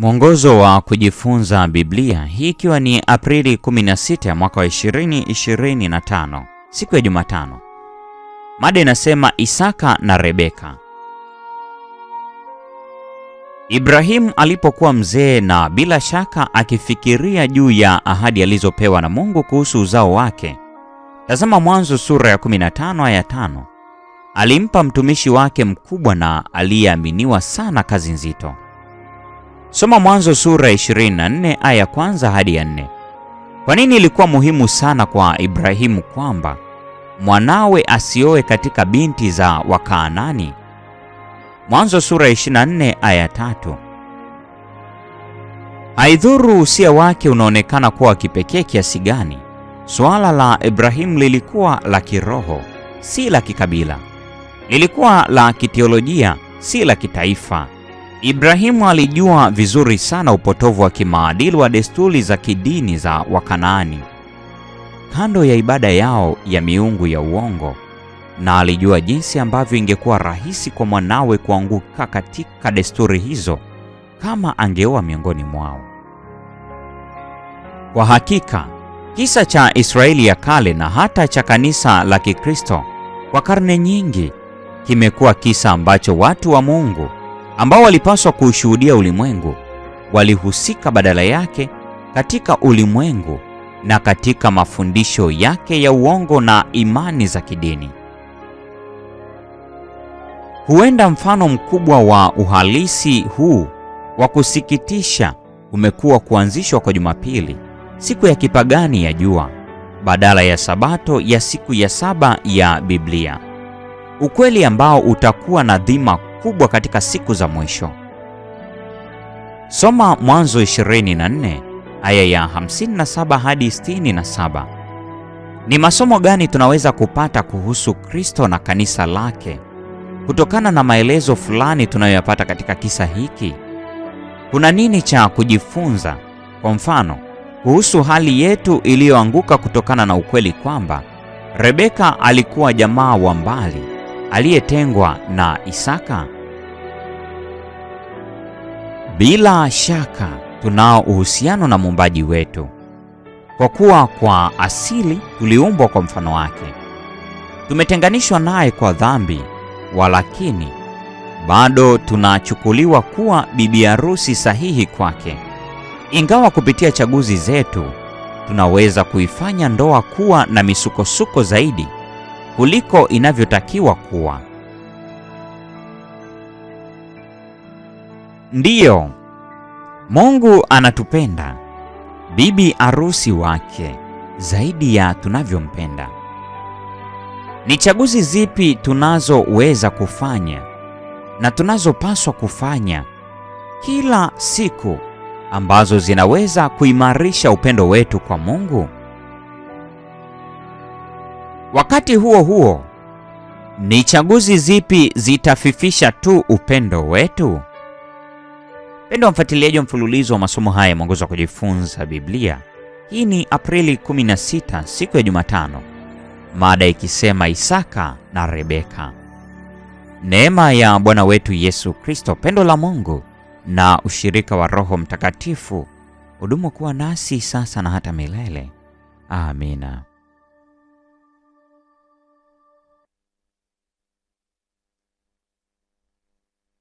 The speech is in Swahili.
Mwongozo wa kujifunza Biblia, hii ikiwa ni Aprili 16 mwaka wa 2025, siku ya Jumatano. Mada inasema Isaka na Rebeka. Ibrahimu alipokuwa mzee na bila shaka akifikiria juu ya ahadi alizopewa na Mungu kuhusu uzao wake, tazama Mwanzo sura ya 15 aya 5, alimpa mtumishi wake mkubwa na aliyeaminiwa sana kazi nzito Soma Mwanzo sura 24 aya kwanza hadi ya 4. Kwa nini ilikuwa muhimu sana kwa Ibrahimu kwamba mwanawe asioe katika binti za Wakaanani? Mwanzo sura 24 aya tatu. Haidhuru usia wake unaonekana kuwa kipekee kiasi gani, suala la Ibrahimu lilikuwa la kiroho, si la kikabila. Lilikuwa la kiteolojia, si la kitaifa. Ibrahimu alijua vizuri sana upotovu wa kimaadili wa desturi za kidini za Wakanaani kando ya ibada yao ya miungu ya uongo, na alijua jinsi ambavyo ingekuwa rahisi kwa mwanawe kuanguka katika desturi hizo kama angeoa miongoni mwao. Kwa hakika, kisa cha Israeli ya kale na hata cha kanisa la Kikristo kwa karne nyingi kimekuwa kisa ambacho watu wa Mungu ambao walipaswa kuushuhudia ulimwengu, walihusika badala yake katika ulimwengu na katika mafundisho yake ya uongo na imani za kidini. Huenda mfano mkubwa wa uhalisi huu wa kusikitisha umekuwa kuanzishwa kwa Jumapili, siku ya kipagani ya jua, badala ya Sabato ya siku ya saba ya Biblia, ukweli ambao utakuwa na dhima kubwa katika siku za mwisho. Soma Mwanzo 24 aya ya 57 hadi 67. Ni masomo gani tunaweza kupata kuhusu Kristo na kanisa lake kutokana na maelezo fulani tunayoyapata katika kisa hiki? Kuna nini cha kujifunza, kwa mfano, kuhusu hali yetu iliyoanguka kutokana na ukweli kwamba Rebeka alikuwa jamaa wa mbali aliyetengwa na Isaka? Bila shaka tunao uhusiano na muumbaji wetu, kwa kuwa kwa asili tuliumbwa kwa mfano wake. Tumetenganishwa naye kwa dhambi, walakini bado tunachukuliwa kuwa bibi harusi sahihi kwake, ingawa kupitia chaguzi zetu tunaweza kuifanya ndoa kuwa na misukosuko zaidi kuliko inavyotakiwa kuwa. Ndiyo, Mungu anatupenda bibi arusi wake zaidi ya tunavyompenda. Ni chaguzi zipi tunazoweza kufanya na tunazopaswa kufanya kila siku ambazo zinaweza kuimarisha upendo wetu kwa Mungu? Wakati huo huo, ni chaguzi zipi zitafifisha tu upendo wetu? Pendo wa mfuatiliaji wa mfululizo wa masomo haya mwongozo wa kujifunza Biblia. Hii ni Aprili 16 siku ya Jumatano, mada ikisema Isaka na Rebeka. Neema ya Bwana wetu Yesu Kristo, pendo la Mungu na ushirika wa Roho Mtakatifu udumu kuwa nasi sasa na hata milele. Amina.